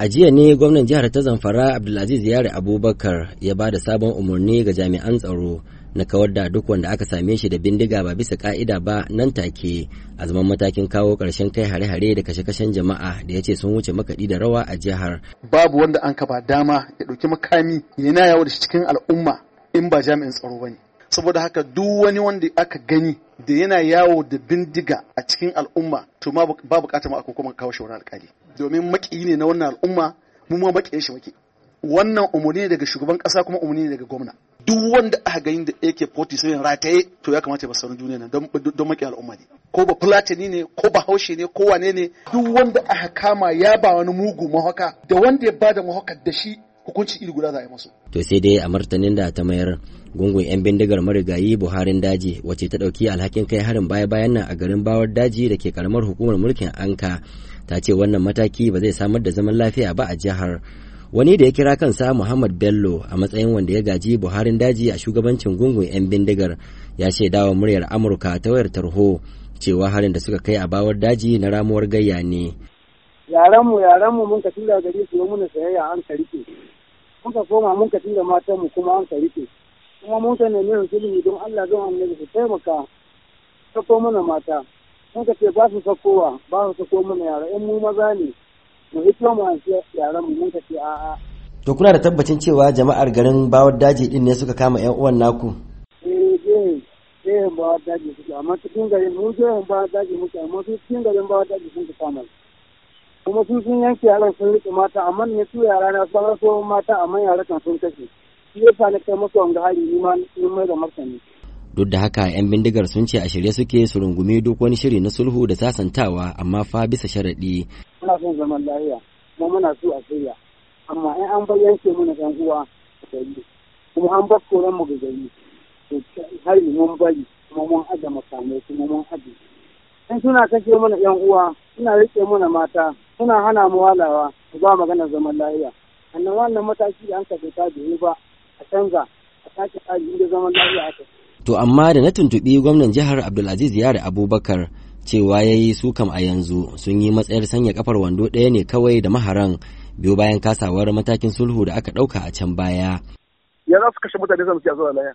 A jiya ne gwamnan jihar ta Zamfara Abdulaziz Yare Abubakar ya ba da sabon umarni ga jami'an tsaro na kawar da duk wanda aka same shi da bindiga ba bisa ka'ida ba nan take a zaman matakin kawo ƙarshen kai hare-hare da kashe-kashen jama'a da ya ce sun wuce makaɗi da rawa a jihar. Babu wanda an kaba dama ya ɗauki makami ya yana yawo da shi cikin al'umma in ba jami'in tsaro ba ne. saboda haka duk wani wanda aka gani da yana yawo da bindiga a cikin al'umma to ba bukatar ma a kuma kawo shi alƙali domin maƙiyi ne na wannan al'umma mu ma maki shi maki wannan umarni daga shugaban kasa kuma umarni daga gwamna duk wanda aka gani da AK47 rataye to ya kamata ya sauran duniya nan don maki al'umma ne ko ba fulatani ne ko ba haushe ne ko wane ne duk wanda aka kama ya ba wani mugu mahaka da wanda ya bada mahaka da shi hukunci iri guda za a yi masu. To sai dai a martanin da ta mayar gungun 'yan bindigar marigayi Buharin daji wace ta ɗauki alhakin kai harin baya-bayan nan a garin Bawar daji da ke karamar hukumar mulkin Anka ta ce wannan mataki ba zai samar da zaman lafiya ba a jihar. Wani da ya kira kansa Muhammad Bello a matsayin wanda ya gaji Buharin daji a shugabancin gungun 'yan bindigar ya shaidawa muryar Amurka ta wayar tarho cewa harin da suka kai a Bawar daji na ramuwar gayya ne. Yaranmu yaranmu mun ka tura gari su yi muna sayayya an muka koma mun ka da matan mu kuma an ka kuma mun ka nemi musulmi don Allah don annabi su taimaka sako mana mata mun ka ce ba su kowa ba su sako mana yara in mu maza ne mu hito mu ce yaran mu mun ka ce a'a to kuna da tabbacin cewa jama'ar garin bawar daji din ne suka kama yan uwan naku eh eh eh bawar daji suka amma cikin garin mu je bawar daji muke amma cikin garin bawar daji sun ka kama kuma su sun yanke yaran sun rike mata amma ne su yara na sauran sauran mata amma yara kan sun kashe shi yasa na kai musu wanga hali ni ma mai da martani duk da haka 'yan bindigar sun ce a shirye suke su rungumi duk wani shiri na sulhu da sasantawa amma fa bisa sharaɗi. muna son zaman lafiya kuma muna so a shirya amma in an yanke mana yan uwa a gari kuma an bar koran mu ga gari har mun bari kuma mun aje makamai kuma mun aje in suna kashe mana 'yan uwa suna rike mana mata suna hana mu walawa ba maganar zaman lafiya annan wannan mataki da an ka ta biyu ba a canza a sake tsari inda zaman lafiya aka to amma da na tuntuɓi gwamnan jihar abdulaziz yare abubakar cewa ya yi sukan a yanzu sun yi matsayar sanya kafar wando ɗaya ne kawai da maharan biyu bayan kasawar matakin sulhu da aka ɗauka a can baya. Ya za su kashe mutane sun siya zuwa laya.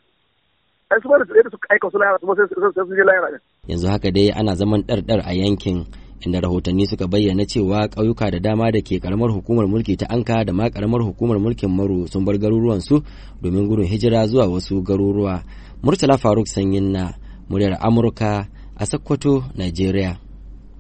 Ai su ba da su aika su laya su sai su je laya Yanzu haka dai ana zaman ɗarɗar a yankin inda rahotanni suka bayyana cewa ƙauyuka da dama da ke karamar hukumar mulki ta anka da ma karamar hukumar mulkin maru sun bar garuruwansu domin gudun hijira zuwa wasu garuruwa murtala faruk sanyin na muryar amurka a sokoto nigeria